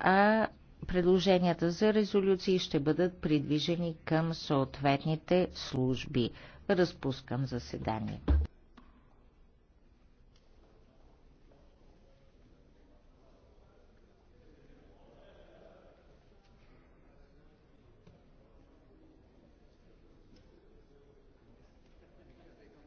а предложенията за резолюции ще бъдат придвижени към съответните служби. Разпускам заседанието.